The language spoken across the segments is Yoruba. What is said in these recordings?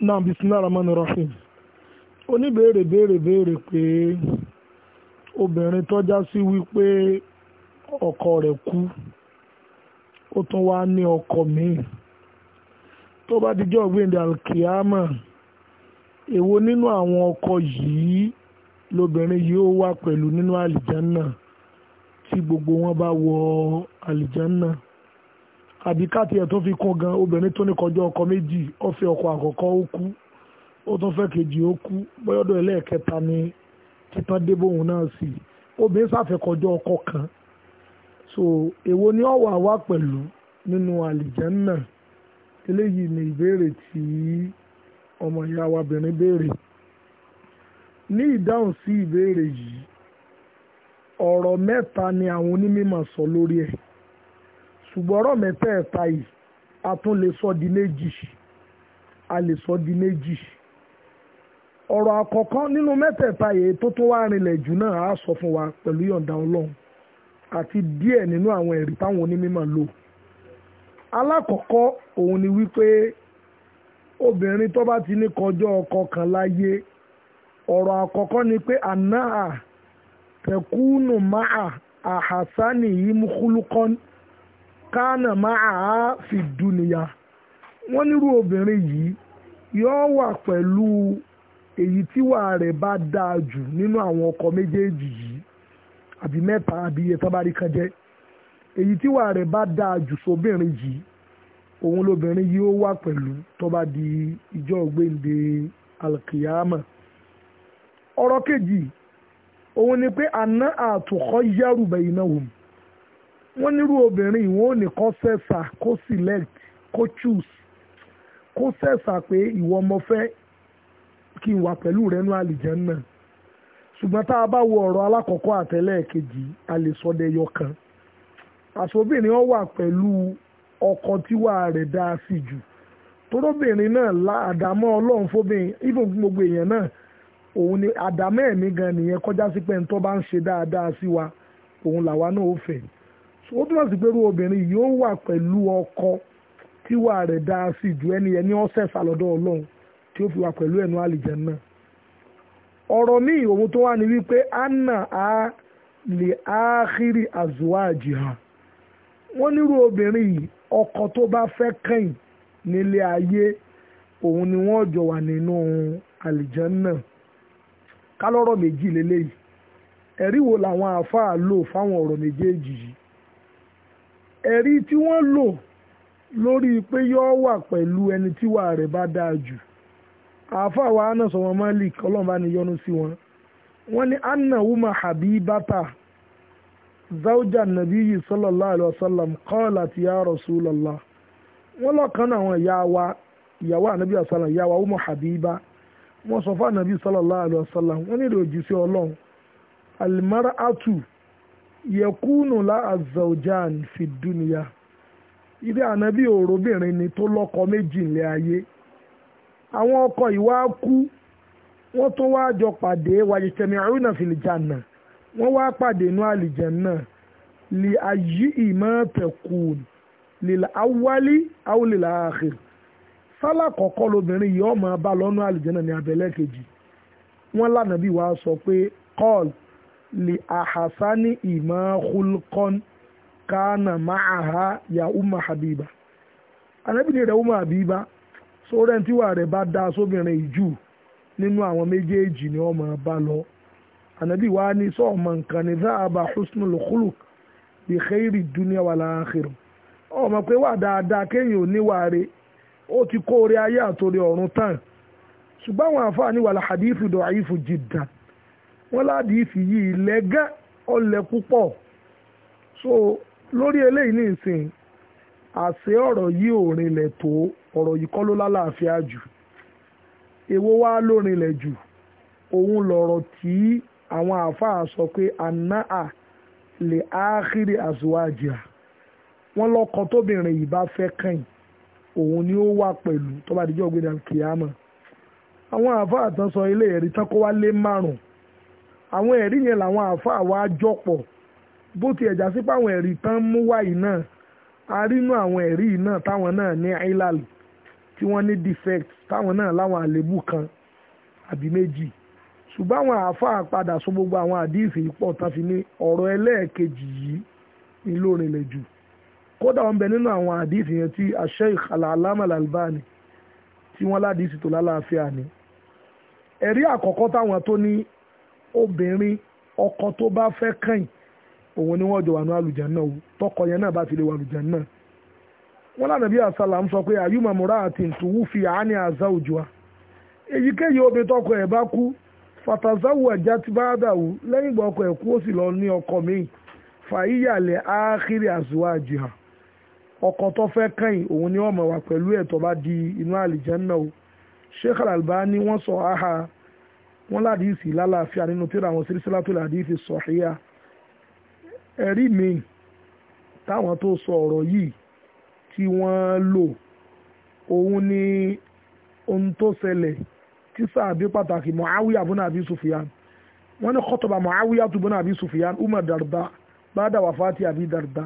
náà bismillah rahman rahim oníbèrè béèrè béèrè pé obìnrin tọ́já sí wípé ọkọ rẹ̀ kú ó tún wá ní ọkọ míì tó bá dijọ́ gbẹ̀ndẹ̀ alkiyama èwo nínú àwọn ọkọ yìí lobìnrin yìí ó wà pẹ̀lú nínú àlìjánà tí gbogbo wọn bá wọ àlìjánà àbí káàtì ẹ̀ tó fi kún gan obìnrin tó ní kọjá ọkọ méjì ó fẹ́ ọkọ àkọ́kọ́ ó kú ó tún fẹ́ kejì ó kú bọ́yọ́dọ̀ ẹlẹ́ẹ̀kẹta ni títán dé bóun náà sì obìnrin sáfẹ́ kọjá ọkọ kan so èwo ni ó wà wá pẹ̀lú nínú àlìjẹ́nnà eléyìí ni ìbéèrè tí ọmọ ìyá wa obìnrin béèrè ní ìdáhùn sí ìbéèrè yìí ọ̀rọ̀ mẹ́ta ni àwọn onímọ̀ sọ lórí ẹ̀ ṣùgbọ́n ọ̀rọ̀ mẹ́tẹ̀ẹ̀ta yìí a tún lè sọ di méjì a lè sọ di méjì ọ̀rọ̀ àkọ́kọ́ nínú mẹ́tẹ̀ẹ̀ta yìí tó tún wá rinlẹ̀ jù náà á sọ fún wa pẹ̀lú yọ̀ǹda ọlọ́run àti díẹ̀ nínú àwọn ẹ̀rí táwọn onímọ̀ lò alákọ̀ọ́kọ́ òun ni wípé obìnrin tó bá ti ní kọjọ́ ọkọ kan láyé ọ̀rọ̀ àkọ́kọ́ ni pé àná à tẹ̀kúnù máa àhásánì yìí mú kúlúkọ́ni kánà máa fi dúnìyà wọ́n nírú obìnrin yìí yóò wà pẹ̀lú èyí tíwà rẹ̀ bá dáa jù nínú àwọn ọkọ méjèèjì yìí àbí mẹ́ta àbí iye tó bá rí kan jẹ́ èyí tíwà rẹ̀ bá dáa jù sóbìnrin yìí òun lobìnrin yìí ó wà pẹ̀lú tó di ìjọ ògbéǹde alkiyama ọ̀rọ̀ kejì òun ni pé àná àtòkọ́ yẹ́rù bẹ̀yìn náà wò mí wọ́n nírú obìnrin ìwọ́n ò ní kọ́ sẹ́sà kó select kó choose kó sẹ́sà pé ìwọ ọmọ fẹ́ kí n wà pẹ̀lú rẹ nú àlìjẹ́nnà ṣùgbọ́n tá a bá wo ọ̀rọ̀ alákọ̀ọ́kọ́ àtẹlẹ́ẹ̀kejì a lè sọdẹyọ kan àṣọbìnrin ọ wà pẹ̀lú ọkọ tíwà rẹ̀ dáa sí jù torobìnrin náà la àdámọ́ ọlọ́run fóbìnrin ibùn gbogbo èèyàn náà òun ni àdámọ́ ẹ̀mí gan nìyẹn kọjá sí pé ń bá ń ṣe dáadáa sí wa òun làwa náà ó fẹ́ ó túmọ̀ sí pé irú obìnrin yìí ó wà pẹ̀lú ọkọ tíwà rẹ̀ dáa sí ju ẹni ẹni ọ̀sẹ̀ sàlọ́dọ̀ ọlọ́run tí ó fi wà pẹ̀lú ẹ̀nu àlìjẹ náà ọ̀rọ̀ míì òun tó wà ní wípé anna a lè áàkiri àzùwà àjìhà wọ́n nírú obìnrin yìí ọkọ tó bá fẹ́ kẹ́yìn nílé ayé òun ni wọ́n jọ wà nínú àlìjẹ náà kálọ́rọ̀ méjì lélẹ́yìí ẹ̀rí wo làwọn àáfàá lò fáwọn ọ̀rọ̀ méjèèjì yìí ẹ̀rí tí wọ́n lò lórí pé yóò wà pẹ̀lú ẹni tí wà rẹ̀ bá dáa jù àáfàá wa Anas ọmọ Malik ọlọ́mọba ni yọ́nú sí wọn wọ́n ní anna wuma habibata zawja nabiyyi sallallahu alayhi wa sallam qalat ya rasulallah wọ́n lọ́kàn náà àwọn ìyá wa ìyàwó ànábì sallam ìyá wa wuma habiba wọ́n sọ fún ànábì sallallahu alayhi wa sallam wọ́n ní sí ọlọ́run alimara atu yẹkúnù láàzọ̀jàn fìdúnìyà ilé ànábì òróbìnrin ni tó lọ́kọ méjì ńlẹ̀ ayé àwọn ọkọ ìwà kú wọ́n tó wá jọ pàdé wàjẹ̀tẹ̀mí àrùnà fìlìjànà wọ́n wá pàdé inú àlìjẹ̀nà lè ayé ìmọ̀ tẹ̀kùn lè awálí àwọn lè àkhìr sálà kọ̀ọ̀kọ́ lobìnrin yìí ọmọ abá lọ́nà àlìjẹ̀nà ní abẹ́lẹ́ kejì wọ́n lànà bí wàá sọ pé kọ́ọ̀lù lè àhásánì ìmọ̀ hulkon kánà máàhá ya umma habiba anábìnrin rẹ̀ umma habiba sórẹ́ tí wà rẹ̀ bá dá sóbìnrin ìjù nínú àwọn méjèèjì ni ọmọ bá lọ anábì wa ní sọ́ọ̀mọ̀ nǹkan ní záàbà husnul khuluq bi khairi dunya wal akhirah ọmọ pé wà dáadáa kéèyàn ò níwà re ó ti kó orí ayé àtòrí ọ̀run tán ṣùgbọ́n àwọn àfáà ní wàlá hadithu dọ̀ àyífù jìdàn wọ́n láàdì ìfì yìí lẹ́gẹ́ ọlẹ̀ púpọ̀ so lórí eléyìí ní ìsìn àṣé ọ̀rọ̀ yìí ò rinlẹ̀ tó ọ̀rọ̀ yìí kọ́ ló lálàáfíà jù èwo wá ló rinlẹ̀ jù òun lọ̀rọ̀ tí àwọn àáfàá sọ pé àná à lè áákiri àzùwájà wọ́n lọ́kọ tóbìnrin yìí bá fẹ́ kàn òun ni ó wà pẹ̀lú tó bá dijọ́ gbé dàkìyàmọ̀ àwọn àáfàá tán sọ ilé ẹ̀rí tán kó wá lé márùn-ún àwọn ẹ̀rí yẹn làwọn àáfàá wa jọ pọ̀ bó ti ẹ̀já sí páwọn ẹ̀rí tán mú wáyìí náà a rínú àwọn ẹ̀rí náà táwọn náà ní ilal tí wọ́n ní defect táwọn náà láwọn àlébù kan àbí méjì ṣùgbọ́n àwọn àáfàá padà sọ gbogbo àwọn àdíìsì pọ̀ tán fi ní ọ̀rọ̀ ẹlẹ́ẹ̀kejì yìí ní lórinlẹ̀ jù kódà wọn bẹ nínú àwọn àdíìsì yẹn tí Sheikh al tí wọ́n ládìísì tó lálàáfíà ni ẹ̀rí àkọ́kọ́ táwọn tó ní obìnrin ọkọ tó bá fẹ́ kàn òun ni wọ́n jọ wà ní àlùjánnà o tọkọ yẹn náà bá ti lè wà àlùjánnà wọn lànà bí àṣàlà ń sọ pé àyùmọ̀ múra àti ìtùwú fi àání àzá òjò wa èyíkéyìí obìnrin tọkọ ẹ̀ bá kú fàtàzáwù ẹ̀já ti bá dàwù lẹ́yìn ìgbà ọkọ ẹ̀ kú ó sì lọ ní ọkọ míì fàyíyàlẹ̀ áákiri àzùwà jìhà ọkọ tó fẹ́ kẹ́yìn òun ni ọmọ wà pẹ̀lú ẹ̀ bá di inú àlìjánnà o Sheikh Al-Albani wọ́n sọ áhà wọ́n ládìísì lálàáfíà nínú tíra àwọn sírísílátò ládìísì sọ̀híyà ẹ̀rí mi táwọn tó sọ ọ̀rọ̀ yìí tí wọ́n lò òun ni ohun tó ṣẹlẹ̀ tí sáàbí pàtàkì Muawiya bun Abi Sufyan wọ́n ní khutba Muawiya bun Abi Sufyan Umar Darda bada wafati Abi Darda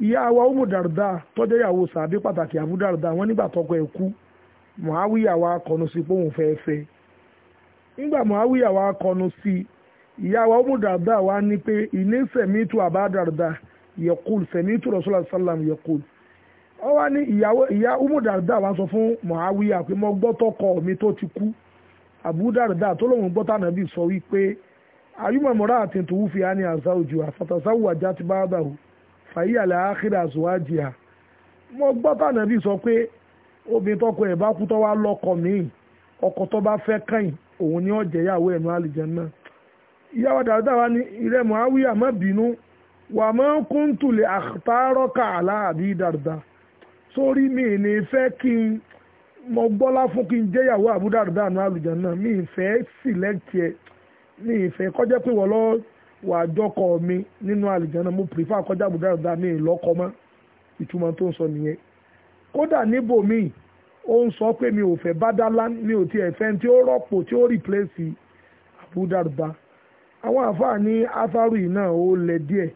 ìyá wa Umar Darda tọ́jọ́ ìyàwó sáàbí pàtàkì Abu Darda wọ́n nígbà tọkọ ẹ̀ kú Muawiya wa kọ̀nù sí pé òun fẹ́ fẹ́ nígbà muawiya wa kọnu sí ìyá wa umu darda wa ní pé ìní sẹ̀mítù àbá darda yẹ̀kùl sẹ̀mítù rọ̀ṣọ́lá sálàm yẹ̀kùl ó wá ní ìyá umu darda wa sọ fún muawiya pé mo gbọ́ tọkọ mi tó ti kú abu darda tó lóun gbọ́ tànàbí sọ wípé ayúmọ̀mọ́ra àti tòwúfi á ní àṣà òjò àfàtàṣáwò àjá ti bá bàwò fàyí àlẹ́ àkìrà àṣùwájì à mo gbọ́ tànàbí sọ pé obìnrin tọkọ ẹ̀ bá kú tó wá lọ́kọ míì ọkọ tó bá fẹ́ kàn òun ni ọ jẹ ẹ̀nu àlìjẹ́nà ìyàwó dàrúdà wa ni ìrẹ́ muhawiya má bínú wà má ń kún tùlẹ̀ àtàrọ́kà aláàbí sórí mi ní fẹ́ kí n mọ gbọ́lá fún kí n jẹ́ ìyàwó àbúdàrúdà na àlìjẹ́nà mi ìfẹ́ sílẹ̀kì ẹ̀ mi ìfẹ́ kọjá pé wọ́n mi nínú prefer kọjá mi mọ́ ìtumọ̀ tó ń sọ nìyẹn kódà níbòmíì ó ń sọ pé mi ò fẹ́ bádálá mi ti tiẹ̀ ti tí ó rọ́pò tí ó rìpléṣì àbúdàrúbá àwọn àfáà ní átárù yìí náà ó lẹ díẹ̀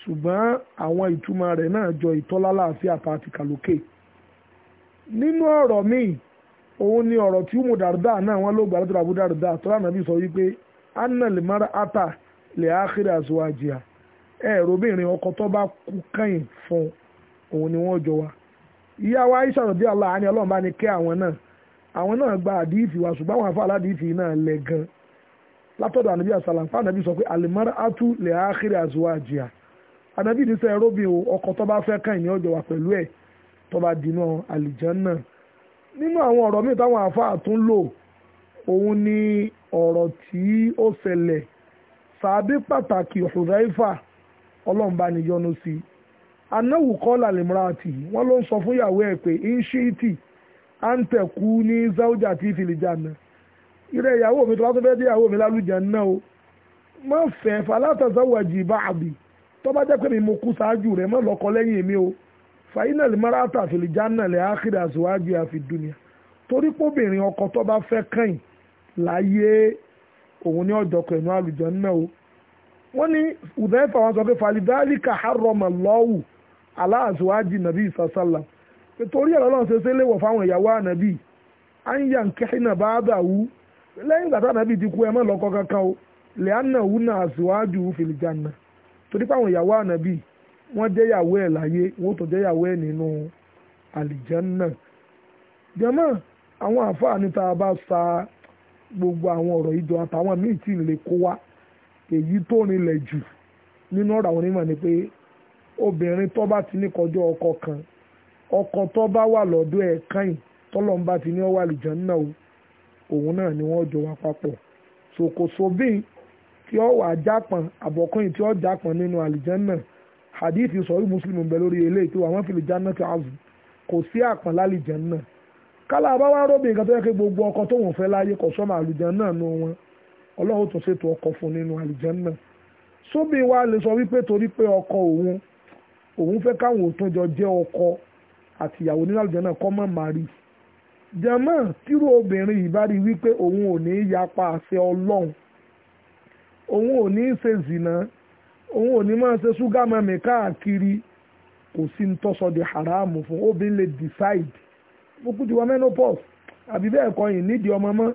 ṣùgbọ́n àwọn ìtumọ̀ rẹ̀ náà jọ ìtọ́lálàáfíà àti kàlókè nínú ọ̀rọ̀ míì òun ni ọ̀rọ̀ tí umu dàrúdà náà wọ́n ló gbà látọ̀dọ̀ àbúdàrúdà tọ́lá nàbí sọ wípé anna lè mara ata lè áhírí àzọwájìá ẹ̀ẹ́dọ́bìnrin ọkọ tó bá kú kẹ́yìn fún òun ni wọ́n jọ wa. ìyá wa Aisha rọ̀dí Allah á ní ọlọ́run bá ní kẹ́ àwọn náà àwọn náà gba àdíìfì wa ṣùgbọ́n àwọn afáàlá àdíìfì náà lẹ̀ gan látọ̀dọ̀ ànábì àsàlàm fún ànábì sọ pé àlèmọ́rá átú lè áhírí àzúwà jìyà ànábì ní sẹ́ róbì o ọkọ tó bá fẹ́ kàn ní ọjọ́ wa pẹ̀lú ẹ̀ tó bá dínú àlìján náà nínú àwọn ọ̀rọ̀ míì táwọn àfáà tún lò òun ni ọ̀rọ̀ tí ó ṣẹlẹ̀ sàbí pàtàkì Hudhaifa ọlọ́run sí anáwù kọ́là lèmúratì wọ́n ló ń sọ fún ìyàwó ẹ̀ pé inṣíìtì à ń tẹ̀kú ní záújà tí ìfìlìjà náà irú ìyàwó mi tó bá tó fẹ́ dé ìyàwó mi lálùjá náà o má fẹ́ falátàzáwàjì bá àbí tó bá jẹ́ pé mi mo kú ṣáájú rẹ̀ má lọ́kọ lẹ́yìn mi o fàyínà lè mara àtà àfìlìjà lè ákìrì àṣewájú àfìdúnìá torí pọ́bìnrin ọkọ tó bá fẹ́ kàn láyé òun ní ọ̀dọ́kọ ẹ̀nu àlùjá náà o wọ́n ní ùdẹ́fà wọn sọ pé falidálíkà harrama lọ́wù aláàzúwájì nàbí ìsàsálà torí ẹ̀rọ ọlọ́run ṣe ṣe léwọ̀ fáwọn ìyàwó ànàbí àyíyá nkẹ́hìnà bá dàwú lẹ́yìn ìgbà tánàbí ti kú ẹ má lọ́kọ kankan o lẹ́yìn àwọn náà àzúwájù fìlìjànà torí fáwọn ìyàwó ànàbí wọ́n jẹ́ ìyàwó ẹ̀ láyé wọ́n tó jẹ́ ìyàwó ẹ̀ nínú àlìjánà jẹ́mọ́ àwọn àfáàní tá a bá sa gbogbo àwọn ọ̀rọ̀ ìjọ àtàwọn míì tí ì lè kó wa èyí obìnrin tó bá ti ní kọjọ́ ọkọ kan ọkọ tó bá wà lọ́dọ̀ ẹ̀ káyìn tọ́lọ́n bá ti ní ọwọ́ àlùjànnà o òun náà ni wọn jọ wá papọ̀ sòkòsòbìn tí ó wà jápọn àbọ̀kùnrin tí ó jápọn nínú àlùjànnà hadithi sọ̀rí muslim ń bẹ lórí eléyìí tó àwọn fìlì jáná ti àzù kò sí àpọ̀n lálùjànnà kálá àbá wá róbìn nǹkan tó yẹ kí gbogbo ọkọ tó wọn fẹ láyé kọ̀ sọ́mọ àlùjànnà nu wọn ọlọ́run tó ṣètò ọkọ fún nínú àlùjànnà sóbì wa lè sọ wípé torí pé ọkọ òun òun fẹ́ káwọn òtún jọ jẹ́ ọkọ àti ìyàwó nínú àlùjọ náà kọ́ mọ̀ màrí jẹ̀mọ́ tírú obìnrin yìí bá rí wípé òun ò yapa àṣẹ ọlọ́run òun ò ní ṣe zìnà òun ò ní máa ṣe ṣúgà mami káàkiri kò sí ní di haramu decide mo ti menopause àbí bẹ́ẹ̀ kọ́ yìí nídìí ọmọ mọ́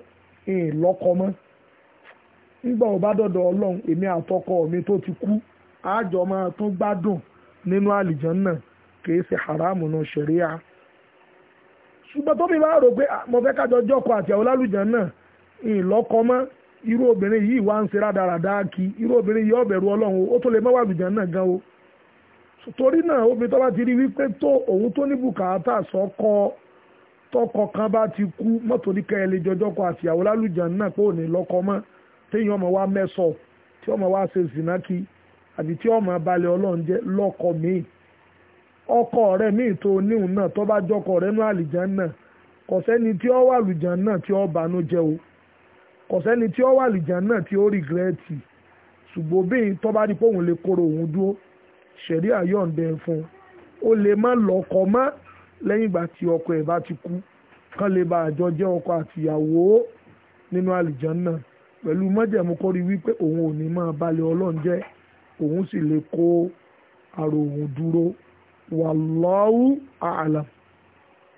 mọ́ nígbà bá dọ̀dọ̀ ọlọ́run ti kú àjọ máa tún gbádùn nínú àlìjánná kì í ṣe haramu nù ṣẹ̀ríà ṣùgbọ́n tóbi bá rò pé mo fẹ́ kájọ àti àwọn lálùjánná ìlọ́kọ mọ́ irú obìnrin yìí wá ń ṣe rádaràdá kí irú obìnrin yìí ọ̀bẹ̀rù ọlọ́run ó tó lè mọ́wàá àlùjánná gan o torí náà tó ti rí wípé tó òun tó ní bùkátà sọ́kọ́ kan bá ti kú mọ́tò ní kẹ́ẹ̀lẹ́ jọjọ́kọ àti àwọn pé àbí tí ọmọ abalẹ̀ ọlọ́run jẹ́ lọ́kọ míì ọkọ rẹ míì tó níhùn náà tó bá jọkọ rẹ nú àlìján náà kò sẹ́ni tí ó wà lùján náà tí ó bànú jẹ́ o kò sẹ́ni tí ó wà lùján náà tí ó rìgírẹ́tì ṣùgbọ́n bíi tó bá rí pé òun lè kóró òun dúró ṣẹ̀rí àyọ̀ǹdẹ̀ fún un ó lè má lọ́kọ mọ́ lẹ́yìn ìgbà tí ọkọ ẹ̀ bá ti kú kán lè bá àjọ jẹ́ ọkọ àtìyàwó nínú àlìján náà pẹ̀lú mọ́jẹ̀mú kórí wípé òun ò ní máa balẹ̀ ọlọ́run jẹ́ òun sì lè kó àrò òun dúró wallahu a'lam.